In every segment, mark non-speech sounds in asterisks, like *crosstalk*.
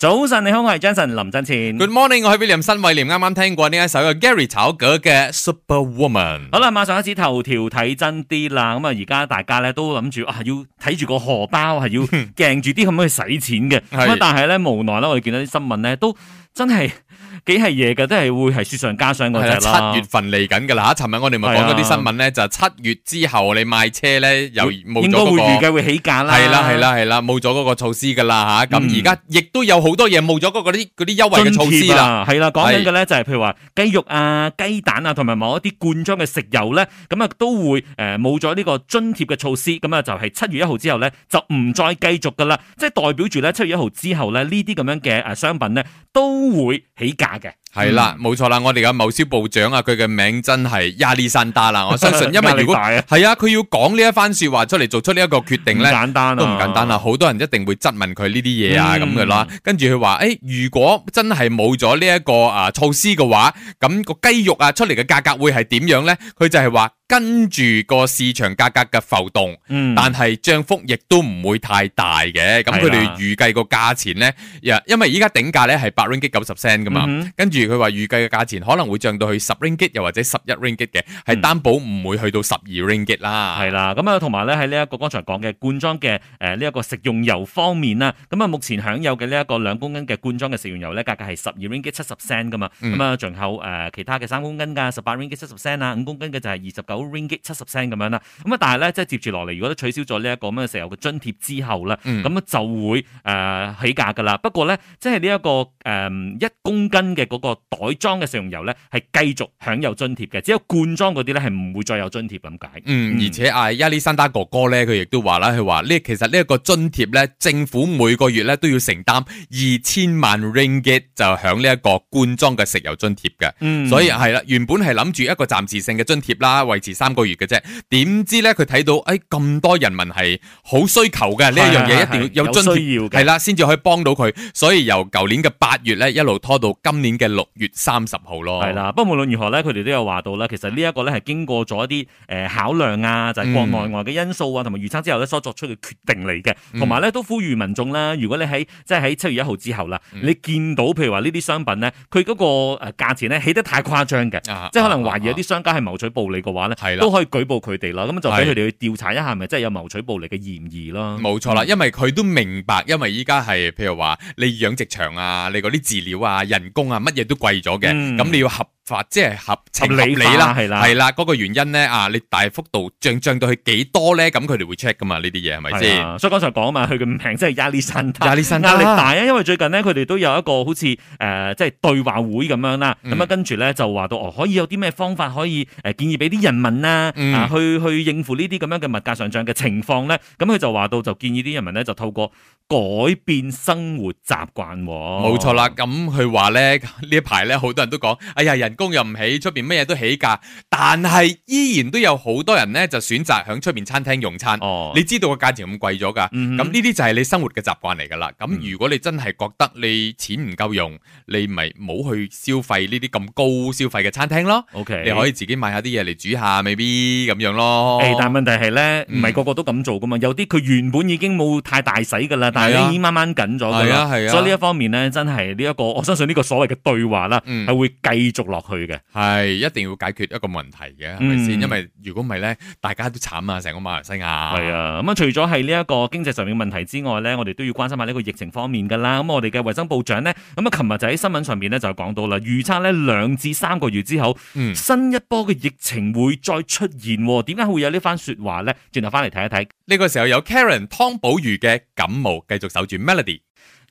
早晨，你好，我係 Jason 林振前。Good morning，我係 William 新偉廉。啱啱聽過呢一首嘅 Gary 炒歌嘅 Super Woman。好啦，馬上開始頭條睇真啲啦。咁啊，而家大家咧都諗住啊，要睇住個荷包，係要驚住啲咁樣去使錢嘅。咁 *laughs* 但係咧是無奈啦，我哋見到啲新聞咧都真係。幾係嘢，嘅，都係會係雪上加霜嘅，就係七月份嚟緊嘅啦，吓，尋日我哋咪講嗰啲新聞咧，就係七月之後你賣車咧，又冇咗嗰個應該會預計會起價啦。係啦，係啦，係啦，冇咗嗰個措施噶啦吓。咁而家亦都有好多嘢冇咗嗰啲嗰啲優惠嘅措施啦。係啦、啊，講緊嘅咧就係譬如話雞肉啊、雞蛋啊，同埋某一啲罐裝嘅食油咧，咁啊都會誒冇咗呢個津貼嘅措施。咁啊就係七月一號之後咧，就唔再繼續噶啦，即係代表住咧七月一號之後咧呢啲咁樣嘅誒商品咧都會起價。係啦，冇錯啦，我哋嘅貿消部長啊，佢嘅名真係亞歷山大啦，我相信，因為如果係啊，佢 *laughs* 要講呢一番說話出嚟，做出呢一個決定咧，都唔簡單啦、啊，好多人一定會質問佢呢啲嘢啊咁嘅啦。跟住佢話，誒、欸，如果真係冇咗呢一個啊措施嘅話，咁、那個雞肉啊出嚟嘅價格會係點樣咧？佢就係話。跟住個市場價格嘅浮動，嗯、但係漲幅亦都唔會太大嘅。咁佢哋預計個價錢咧，又因為依家頂價咧係八 ringgit 九十 cent 噶嘛，嗯、跟住佢話預計嘅價錢可能會漲到去十 ringgit 又或者十一 ringgit 嘅，係擔、嗯、保唔會去到十二 ringgit 啦。係啦，咁啊同埋咧喺呢一個剛才講嘅罐裝嘅誒呢一個食用油方面啦，咁啊目前享有嘅呢一個兩公斤嘅罐裝嘅食用油咧，價格係十二 ringgit 七十 cent 噶嘛，咁啊仲有誒其他嘅三公斤㗎十八 ringgit 七十 cent 啊，五公斤嘅就係二十九 Ringgit 七十 cent 咁樣啦，咁啊 *music* 但係咧，即係接住落嚟，如果都取消咗呢一個咁嘅食油嘅津貼之後咧，咁啊就會誒、呃、起價噶啦。不過咧、這個，即係呢一個誒一公斤嘅嗰個袋裝嘅食油咧，係繼續享有津貼嘅，只有罐裝嗰啲咧係唔會再有津貼咁解。嗯，而且阿亞利山達哥哥咧，佢亦都話啦，佢話呢其實呢一個津貼咧，政府每個月咧都要承擔二千萬 Ringgit 就響呢一個罐裝嘅食油津貼嘅。所以係啦，原本係諗住一個暫時性嘅津貼啦，維三個月嘅啫，點知咧佢睇到誒咁多人民係好需求嘅呢一樣嘢，一定要有需要嘅係啦，先至可以幫到佢。所以由舊年嘅八月咧，一路拖到今年嘅六月三十號咯。係啦，不過無論如何咧，佢哋都有話到啦，其實呢一個咧係經過咗一啲誒考量啊，就係國內外嘅因素啊，同埋預測之後咧所作出嘅決定嚟嘅。同埋咧都呼籲民眾啦，如果你喺即係喺七月一號之後啦，你見到譬如話呢啲商品咧，佢嗰個誒價錢咧起得太誇張嘅，即係可能懷疑有啲商家係謀取暴利嘅話咧。係啦，都可以舉報佢哋啦，咁就俾佢哋去調查一下，係咪真係有謀取暴利嘅嫌疑囉。冇錯啦，因為佢都明白，因為依家係譬如話你養殖場啊，你嗰啲飼料啊、人工啊，乜嘢都貴咗嘅，咁、嗯、你要合。法即係合情理理啦，係啦，係啦，嗰個原因咧啊！你大幅度漲漲到去幾多咧？咁佢哋會 check 噶嘛？呢啲嘢係咪先？所以剛才講啊嘛，佢嘅名即係亞歷山大，壓力大啊！因為最近咧，佢哋都有一個好似誒即係對話會咁樣啦，咁啊跟住咧就話到哦，可以有啲咩方法可以誒建議俾啲人民啦，去去應付呢啲咁樣嘅物價上漲嘅情況咧？咁佢就話到就建議啲人民咧就透過改變生活習慣，冇錯啦。咁佢話咧呢一排咧好多人都講，哎呀人。工又唔起，出邊乜嘢都起價，但係依然都有好多人咧就選擇喺出邊餐廳用餐。哦,你知道個價錢咁貴咗噶咁呢啲就係你生活嘅習慣嚟噶啦。咁如果你真係覺得你錢唔夠用，你咪冇去消費呢啲咁高消費嘅餐廳咯。O K，你可以自己買下啲嘢嚟煮下未必咁樣咯。誒，但係問題係咧，唔係個個都咁做噶嘛？有啲佢原本已經冇太大使噶啦，但係已經掹掹緊咗。係啊係啊，所以呢一方面咧，真係呢一個，我相信呢個所謂嘅對話啦，係會繼續落。去嘅係一定要解決一個問題嘅，係咪先？嗯、因為如果唔係咧，大家都慘啊！成個馬來西亞係啊。咁啊、嗯，除咗係呢一個經濟上面嘅問題之外咧，我哋都要關心下呢個疫情方面噶啦。咁我哋嘅衞生部長咧，咁啊，琴日就喺新聞上面咧就講到啦，預測咧兩至三個月之後，新一波嘅疫情會再出現。點解、嗯、會有番說呢番説話咧？轉頭翻嚟睇一睇。呢個時候有 Karen 湯寶如嘅感冒，繼續守住 Melody。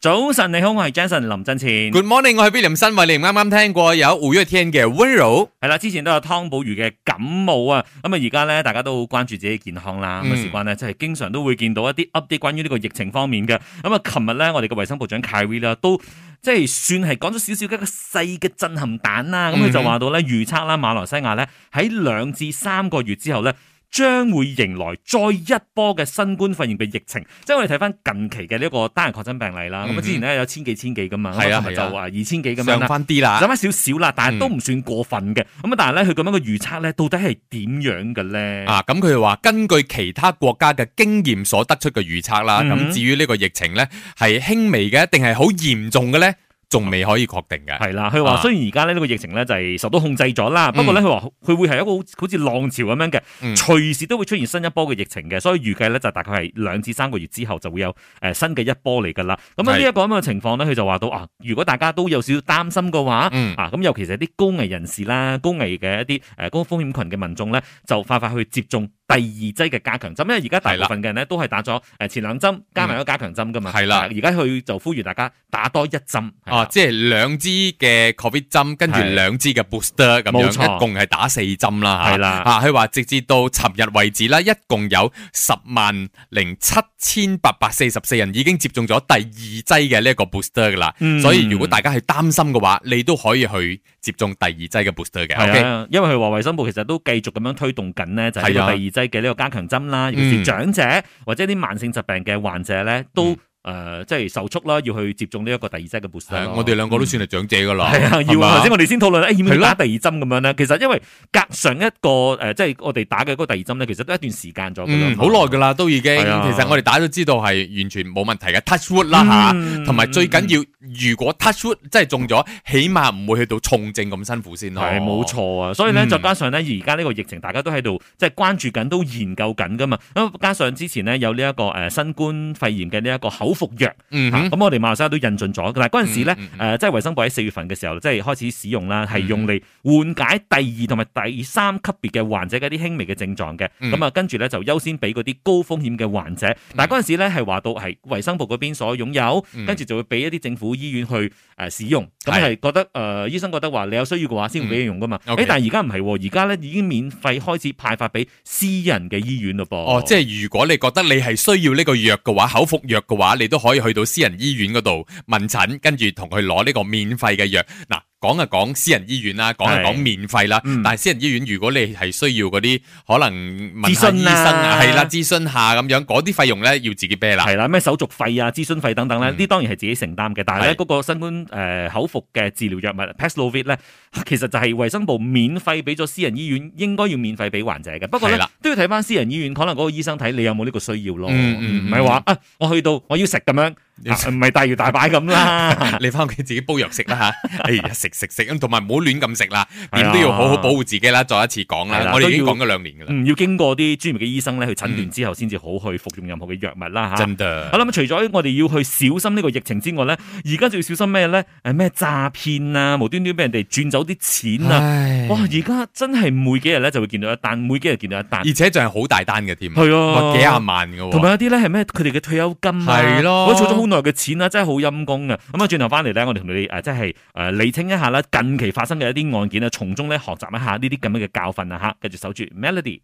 早晨，你好，我係 Jason 林振前。Good morning，我係 Billy 新偉。你啱啱聽過有五月天嘅温柔係啦，之前都有湯寶如嘅感冒啊。咁啊，而家咧，大家都好關注自己嘅健康啦。咁事關咧，即係經常都會見到一啲 update 關於呢個疫情方面嘅。咁啊，琴日咧，我哋嘅衛生部長 Khairy 啦，都即係算係講咗少少一個細嘅震撼彈啦。咁佢、嗯嗯、就話到咧，預測啦，馬來西亞咧喺兩至三個月之後咧。將會迎來再一波嘅新冠肺炎嘅疫情，即係我哋睇翻近期嘅呢個單人確診病例啦。咁、嗯、哼之前咧有千幾千幾噶嘛，係啊、嗯哼，就話二千幾咁、啊啊、樣啦，上翻啲啦，減翻少少啦，但係都唔算過分嘅。咁啊，但係咧佢咁樣嘅預測咧，到底係點樣嘅咧？啊，咁佢話根據其他國家嘅經驗所得出嘅預測啦。咁、嗯、哼至於呢個疫情咧係輕微嘅，定係好嚴重嘅咧？仲未可以確定嘅，係啦。佢話，雖然而家咧呢個疫情咧就係受到控制咗啦，嗯、不過咧佢話佢會係一個好似浪潮咁樣嘅，隨、嗯、時都會出現新一波嘅疫情嘅，所以預計咧就大概係兩至三個月之後就會有誒新嘅一波嚟噶啦。咁啊呢一個咁嘅情況咧，佢是就話到啊，如果大家都有少少擔心嘅話，嗯、啊咁尤其是啲高危人士啦、高危嘅一啲誒高風險群嘅民眾咧，就快快去接種。第二劑嘅加強針，因為而家大部分嘅人咧都係打咗誒前兩針，加埋個加強針噶嘛。係啦，而家佢就呼籲大家打多一針，啊，即係兩支嘅 COVID 針，跟住兩支嘅 booster 咁樣，錯一共係打四針啦。係啦的，啊，佢話直至到尋日為止啦，一共有十萬零七千八百四十四人已經接種咗第二劑嘅呢一個 booster 噶啦、嗯。所以如果大家係擔心嘅話，你都可以去。接種第二劑嘅 booster 嘅，係 *noise* 啊，Okay? 因為佢話衛生部其實都繼續咁樣推動緊咧，就係第二劑嘅呢個加強針啦， *noise* 尤其是長者或者啲慢性疾病嘅患者咧 *noise* 都。 *noise* 誒、呃，即係受速啦，要去接種呢一個第二劑嘅 booster 我哋兩個都算係長者噶啦。係、嗯、吧啊，要頭先我哋先討論誒，要唔要打第二針咁樣咧？其實因為隔上一個誒、呃，即係我哋打嘅嗰個第二針咧，其實都一段時間咗，好耐噶啦，都已經。啊、其實我哋大家都知道係完全冇問題嘅 touch wood 啦吓，同埋、嗯、最緊要如果 touch wood 即係中咗，嗯、起碼唔會去到重症咁辛苦先咯。係、嗯，冇錯啊。所以咧，再加上咧，而家呢個疫情，大家都喺度即係關注緊，都研究緊噶嘛。咁加上之前咧有呢一個誒新冠肺炎嘅呢一個口。口服藥，咁我哋馬來西亞都引進咗。但係嗰陣時咧，誒，即係衛生部喺四月份嘅時候，即係開始使用啦，係用嚟緩解第二同埋第三級別嘅患者嗰啲輕微嘅症狀嘅。咁啊，跟住咧就優先俾嗰啲高風險嘅患者。但係嗰陣時咧係話到係衛生部嗰邊所擁有，跟住就會俾一啲政府醫院去誒使用。咁係覺得誒，醫生覺得話你有需要嘅話先俾你用噶嘛。誒，但係而家唔係，而家咧已經免費開始派發俾私人嘅醫院咯噃。哦，即係如果你覺得你係需要呢個藥嘅話，口服藥嘅話。你都可以去到私人醫院嗰度問診，跟住同佢攞呢個免費嘅藥嗱。講就講私人醫院啦，講就講免費啦。嗯、但係私人醫院如果你係需要嗰啲可能諮詢醫生啊，係啦，諮詢下咁樣嗰啲費用咧要自己孭啦。係啦，咩手續費啊、諮詢費等等咧，呢、嗯、當然係自己承擔嘅。但係咧嗰個新冠誒、呃、口服嘅治療藥物 Paxlovid 咧，其實就係衛生部免費俾咗私人醫院，應該要免費俾患者嘅。不過咧都要睇返私人醫院，可能嗰個醫生睇你有冇呢個需要咯。唔係話啊，我去到我要食咁樣。唔係大搖大擺咁啦，你翻屋企自己煲藥食啦吓，哎呀食食食咁，同埋唔好亂咁食啦，點都要好好保護自己啦。再一次講啦，我哋已經講咗兩年噶啦，嗯，要經過啲專業嘅醫生咧去診斷之後，先至好去服用任何嘅藥物啦吓。真噶。好啦，除咗我哋要去小心呢個疫情之外咧，而家仲要小心咩咧？咩詐騙啊，無端端俾人哋轉走啲錢啊！哇，而家真係每幾日咧就會見到一單，每幾日見到一單，而且仲係好大單嘅添，係啊，幾啊萬噶。同埋有啲咧係咩？佢哋嘅退休金係咯，本來嘅錢啦，真係好陰公嘅。咁啊，轉頭翻嚟咧，我哋同你誒，即係誒理清一下啦。近期發生嘅一啲案件啊，從中咧學習一下呢啲咁樣嘅教訓啊，吓。跟住守住 Melody。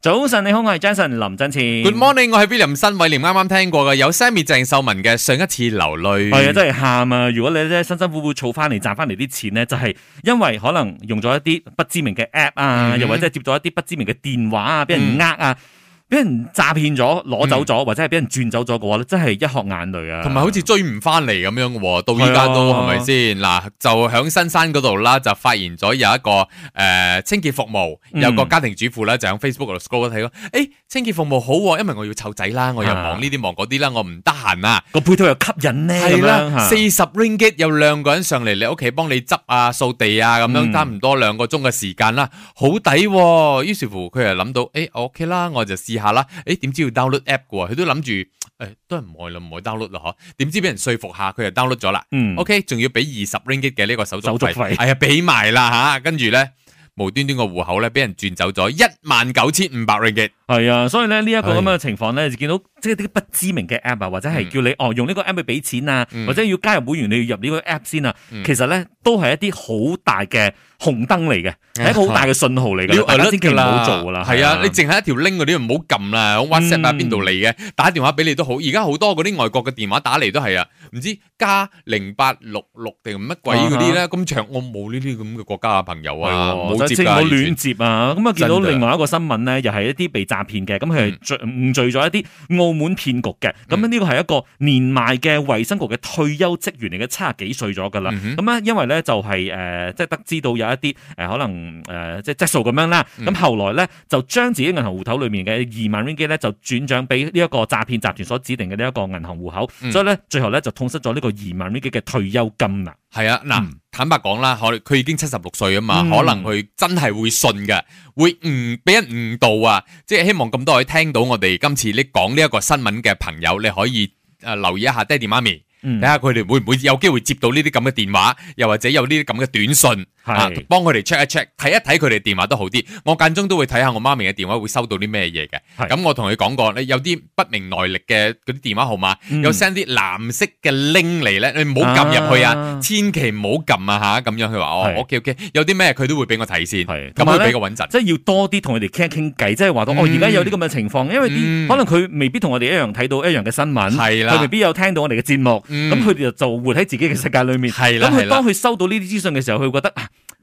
早晨，你好，我係 Jason 林振前。Good morning，我係 William 新偉廉。啱啱聽過嘅有 Sammy 鄭秀文嘅上一次流淚，係啊，真係喊啊！如果你咧辛辛苦苦儲翻嚟賺翻嚟啲錢呢，就係、是、因為可能用咗一啲不知名嘅 App 啊，mm hmm。又或者接咗一啲不知名嘅電話啊，俾人呃啊。Mm hmm. 俾人詐騙咗攞走咗，或者係俾人轉走咗嘅話咧，嗯、真係一殼眼淚啊！同埋好似追唔翻嚟咁樣喎，到依家都係咪先？嗱，就喺新山嗰度啦，就發現咗有一個誒、呃、清潔服務，有個家庭主婦咧就喺 Facebook 度 scroll 睇到，誒、欸、清潔服務好、啊，因為我要湊仔啦，我又忙呢啲忙嗰啲啦，我唔得閒啊，個配套又吸引咧，係啦，四十 ringgit 有兩個人上嚟你屋企幫你執啊、掃地啊咁樣，嗯、差唔多兩個鐘嘅時，時間啦，好抵、啊。於是乎佢又諗到，誒我 OK 啦，我就試下。下啦，誒、哎，點知要 download app 噶？佢都諗住，誒、哎，都係唔愛啦，唔愛 download 啦，嗬？點知俾人說服下，佢就 download 咗啦。嗯，OK，仲要俾二十 ringgit 嘅呢個手續費，係、哎、啊，俾埋啦吓。跟住咧，無端端個戶口咧，俾人轉走咗一萬九千五百 ringgit。係啊，所以咧，呢一個咁嘅情況咧，就見到即係啲不知名嘅 app 啊，或者係叫你哦用呢個 app 去俾錢啊，或者要加入會員你要入呢個 app 先啊，其實咧都係一啲好大嘅紅燈嚟嘅，係一個好大嘅信號嚟嘅，大家千祈唔好做啦。係啊，你淨係一條 link 嗰啲唔好撳啦，WhatsApp 邊度嚟嘅？打電話俾你都好，而家好多嗰啲外國嘅電話打嚟都係啊，唔知加零八六六定乜鬼嗰啲咧，咁長，我冇呢啲咁嘅國家嘅朋友啊，冇接，亂接啊，咁啊，見到另外一個新聞咧，又係一啲被詐騙嘅，咁佢係罪誤罪咗一啲澳門騙局嘅，咁呢個係一個年邁嘅衛生局嘅退休職員嚟嘅，七十幾歲咗噶啦，咁啊因為咧就係誒即係得知到有一啲誒可能誒即係質素，咁樣啦，咁、嗯、後來咧就將自己銀行戶口裏面嘅二萬令吉咧就轉賬俾呢一個詐騙集團所指定嘅呢一個銀行戶口，嗯、所以咧最後咧就痛失咗呢個二萬令吉嘅退休金啦。係啊，嗱，嗯、坦白講啦，可佢已經七十六歲啊嘛，嗯、可能佢真係會信嘅，會誤俾人誤導啊！即係希望咁多位聽到我哋今次你講呢一個新聞嘅朋友，你可以誒、呃、留意一下爹哋媽咪。睇下佢哋會唔會有機會接到呢啲咁嘅電話，又或者有呢啲咁嘅短信，係幫佢哋 check 一 check，睇一睇佢哋電話都好啲。我間中都會睇下我媽咪嘅電話會收到啲咩嘢嘅。咁我同佢講過，你有啲不明來歷嘅嗰啲電話號碼，有 send 啲藍色嘅 link 嚟咧，你唔好撳入去啊，千祈唔好撳啊吓，咁樣佢話哦，OK OK，有啲咩佢都會俾我睇先，係咁可以比較穩陣。即係要多啲同佢哋傾一傾偈，即係話到我而家有啲咁嘅情況，因為可能佢未必同我哋一樣睇到一樣嘅新聞，係啦，佢未必有聽到我哋嘅節目。咁佢哋就就活喺自己嘅世界裏面。咁佢的當佢收到呢啲資訊嘅時候，佢會覺得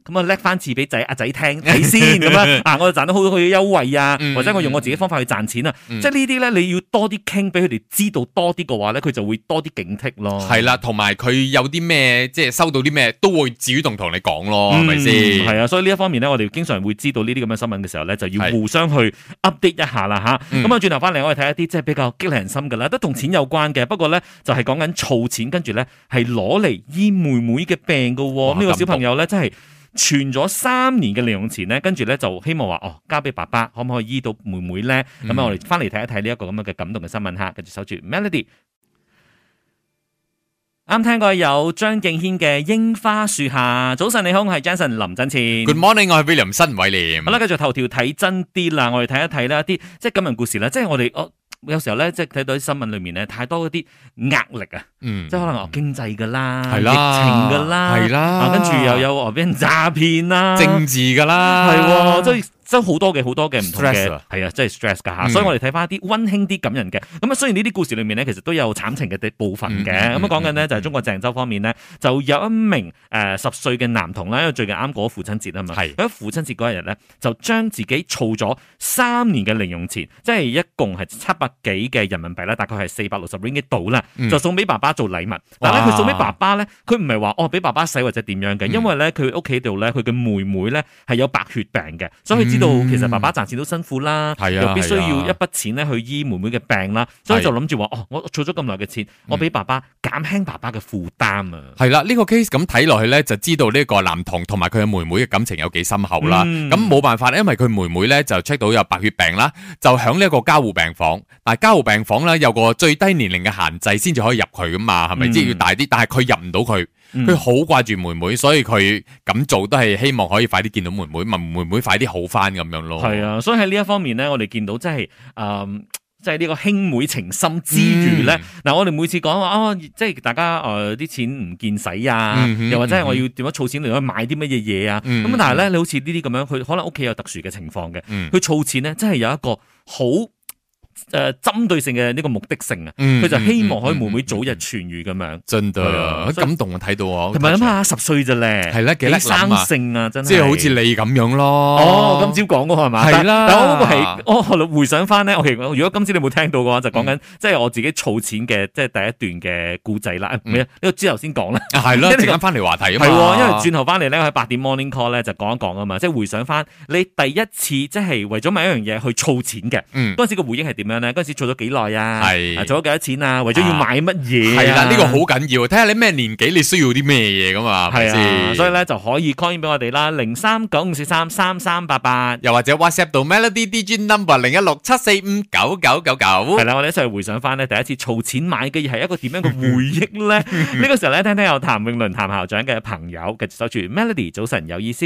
咁啊，叻翻次俾仔阿仔聽，睇先咁樣啊！我又賺到好多嘅優惠啊，或者我用我自己方法去賺錢啊，即係呢啲咧，你要多啲傾俾佢哋知道多啲嘅話咧，佢就會多啲警惕咯、嗯嗯有有。係啦，同埋佢有啲咩，即係收到啲咩，都會主動同你講咯、嗯嗯是是，係咪先？係啊，所以呢一方面咧，我哋經常會知道呢啲咁嘅新聞嘅時候咧，就要互相去 update 一下啦吓。咁啊，轉是、嗯嗯、頭翻嚟，我哋睇一啲即係比較激勵人心嘅啦，都同錢有關嘅，不過咧就係講緊儲錢，跟住咧係攞嚟醫妹妹嘅病噶。咁呢個小朋友咧，真係。存咗三年嘅零用錢咧，跟住咧就希望話哦，交俾爸爸可唔可以醫到妹妹咧？咁啊、嗯，我哋翻嚟睇一睇呢一個咁樣嘅感動嘅新聞吓，跟住守住 Melody。啱聽過有張敬軒嘅《櫻花樹下》早上，早晨你好，我係 Jason 林振前。Good morning，我係 William 新偉廉。好啦，繼續頭條睇真啲啦，我哋睇一睇咧一啲即係感人故事啦，即係我哋我。啊有時候咧，即係睇到啲新聞裏面咧，太多嗰啲壓力啊，嗯、即係可能經濟噶啦，疫情噶啦，係啦，跟住又有話俾人詐騙啦，政治噶啦，係、啊，即係。真好多嘅，好多嘅唔同嘅，係啊，真係 stress 噶吓。Mm hmm. 所以我哋睇翻一啲溫馨啲感人嘅。咁啊，雖然呢啲故事裏面咧，其實都有慘情嘅部分嘅。咁啊、mm，講緊呢就係中國鄭州方面咧，就有一名誒、呃、十歲嘅男童啦，因為最近啱過父親節啊嘛，佢喺父親節嗰日咧，就將自己儲咗三年嘅零用錢，即係一共係七百幾嘅人民幣啦，大概係四百六十 ringgit 嘅度啦，就送俾爸爸做禮物。Mm hmm. 但係佢送俾爸爸咧，佢唔係話哦俾爸爸使或者點樣嘅，因為咧佢屋企度咧，佢嘅妹妹咧係有白血病嘅，mm hmm. 所以。知、嗯、其實爸爸賺錢都辛苦啦，啊、又必須要一筆錢咧去醫妹妹嘅病啦，啊、所以就諗住話哦，我儲咗咁耐嘅錢，嗯、我俾爸爸減輕爸爸嘅負擔啊。係啦、啊，呢、呢個 case 咁睇落去咧，就知道呢個男童同埋佢嘅妹妹嘅感情有幾深厚啦。咁冇、嗯、辦法咧，因為佢妹妹咧就 check 到有白血病啦，就響呢一個加護病房。但係加護病房咧有個最低年齡嘅限制，先至可以入去㗎嘛，係咪？即係要大啲，但係佢入唔到佢。佢好掛住妹妹，所以佢咁做都係希望可以快啲見到妹妹，問妹妹快啲好翻咁樣咯。係啊，所以喺呢一方面咧，我哋見到真係誒，即係呢個兄妹情深之餘咧，嗱、嗯、我哋每次講話哦，即係大家誒啲、呃、錢唔見使啊，嗯嗯嗯、又或者我要點樣儲錢嚟、嗯、買啲乜嘢嘢啊，咁、嗯、但係咧你好似呢啲咁樣，佢可能屋企有特殊嘅情況嘅，佢儲、嗯嗯、錢咧真係有一個好。誒，針對性嘅呢個目的性啊，佢就希望可以妹妹早日痊愈咁樣。真嘅，好感動啊！睇到啊。同埋諗下，十歲啫咧，幾生性啊！真係即係好似你咁樣咯。哦，今朝講嘅係嘛？係啦，但係係回想翻咧，我其實如果今朝你冇聽到嘅話，就講緊即係我自己儲錢嘅，即係第一段嘅故仔啦。唔係呢個之後先講啦。係啦，一陣間翻嚟話題啊嘛。係，因為轉頭翻嚟咧，喺八點 morning call 咧就講一講啊嘛。即係回想翻你第一次即係為咗買一樣嘢去儲錢嘅，當時嘅回憶係點？咁樣咧，嗰陣時儲咗幾耐啊？係儲咗幾多錢啊？為咗要買乜嘢啊？係啦，啊，呢、呢個好緊要，睇下你咩年紀，你需要啲咩嘢㗎嘛？係啊，所以咧就可以 call in 俾我哋啦，零三九五四三三三八八，又或者 WhatsApp 到 Melody D J number 零一六七四五九九九九。係啦，我哋一齊回想翻咧，第一次儲錢買嘅嘢係一個點樣嘅回憶咧？呢 *laughs* 個時候咧，聽聽有譚詠麟、譚校長嘅朋友，跟住收住 Melody，早晨有意思。